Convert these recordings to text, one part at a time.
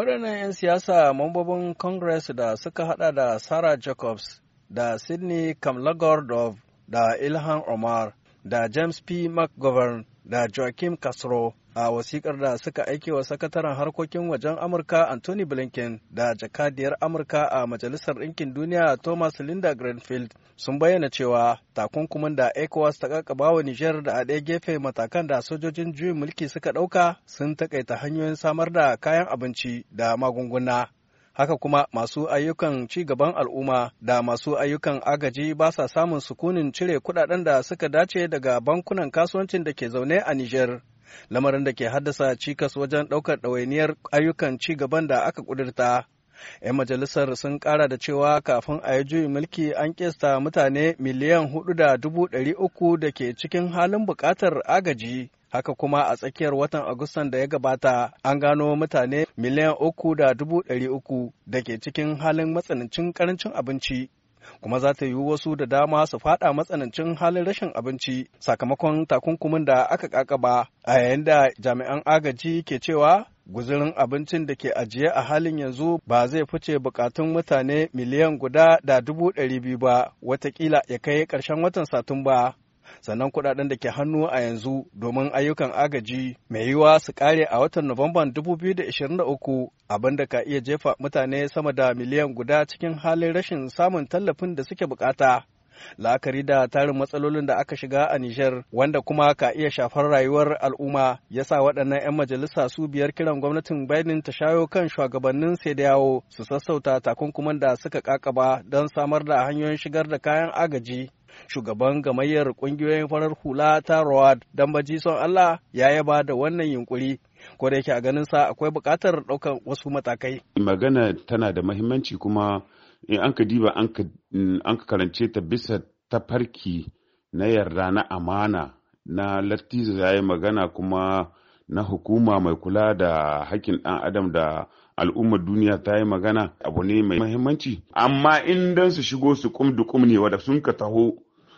waɗannan 'yan siyasa mambobin congress da suka hada da sarah jacobs da sydney kamlagordov da ilhan omar da james p mcgovern da joaquim castro a wasikar da suka aike wa sakataren harkokin wajen amurka anthony blinken da jakadiyar amurka a majalisar ɗinkin duniya thomas linda greenfield sun bayyana cewa takunkumin da ecowas ta kakaba wa niger da a ɗaya gefe matakan da sojojin juyin mulki suka ɗauka sun takaita hanyoyin samar da kayan abinci da magunguna haka kuma masu ayyukan ci gaban al'umma da masu ayyukan agaji ba sa samun sukunin cire kudaden da suka dace daga bankunan kasuwancin da ke zaune a niger lamarin da ke haddasa cikas wajen ɗaukar ɗawainiyar ayyukan ci gaban da aka ƙudurta. 'Yan majalisar sun ƙara da cewa kafin a yi juyin mulki an kesta mutane miliyan hudu da dubu ɗari uku da ke cikin halin buƙatar agaji. Haka kuma a tsakiyar watan Agustan da ya gabata an gano mutane miliyan uku da dubu ɗari uku da ke cikin halin matsanancin ƙarancin abinci. kuma za ta yi wasu da dama su fada matsanancin halin rashin abinci sakamakon takunkumin da aka kakaba a yayin da jami'an agaji ke cewa guzurin abincin da ke ajiye a halin yanzu ba zai fice bukatun mutane miliyan guda da dubu ɗari biyu ba watakila ya kai ƙarshen watan satumba sannan kuɗaɗen da ke hannu a yanzu domin ayyukan agaji mai yiwuwa su kare a watan Nuwamban 2023 abinda ka iya jefa mutane sama da miliyan guda cikin halin rashin samun tallafin da suke bukata. la'akari da tarin matsalolin da aka shiga a Nijar wanda kuma ka iya shafar rayuwar al'umma ya sa waɗannan 'yan majalisa su biyar kiran gwamnatin Biden ta shayo kan shugabannin sai da yawo su sassauta takunkuman da suka kakaba don samar da hanyoyin shigar da kayan agaji Shugaban gamayyar ƙungiyoyin farar hula ta Rawad baji son Allah ya yaba da wannan yunkuri ko da yake a ganin sa akwai buƙatar ɗaukar wasu matakai. Magana tana da mahimmanci kuma in an ka diba an ka karance ta bisa tafarki na yarda na amana na lattizo ya yi magana kuma na hukuma mai kula da hakkin ɗan adam da al'ummar duniya ta yi magana abu ne mai mahimmanci amma in dan su shigo su kum da kum ne wanda sun ka taho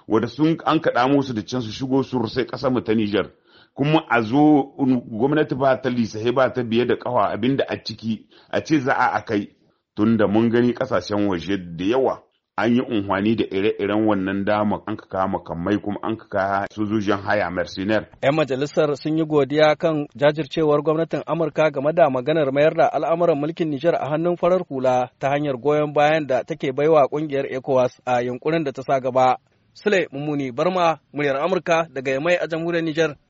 wanda sun an kaɗa musu da can su shigo su rusai ƙasa mu ta Nijar kuma a zo gwamnati ba ta lisahi ba ta biye da ƙawa abinda a ciki a ce za a kai tunda mun gani ƙasashen waje da yawa an yi unhwani da ire-iren wannan dama an ka kama makamai kuma an ka su sojojin haya mercenaire. 'Yan majalisar sun yi godiya kan jajircewar gwamnatin Amurka game da maganar mayar da al'amuran mulkin Nijar a hannun farar hula ta hanyar goyon bayan da take baiwa kungiyar ECOWAS a yunkurin da ta sa gaba. Sule Mummuni Barma, muryar Amurka daga Yamai a jamhuriyar Nijar.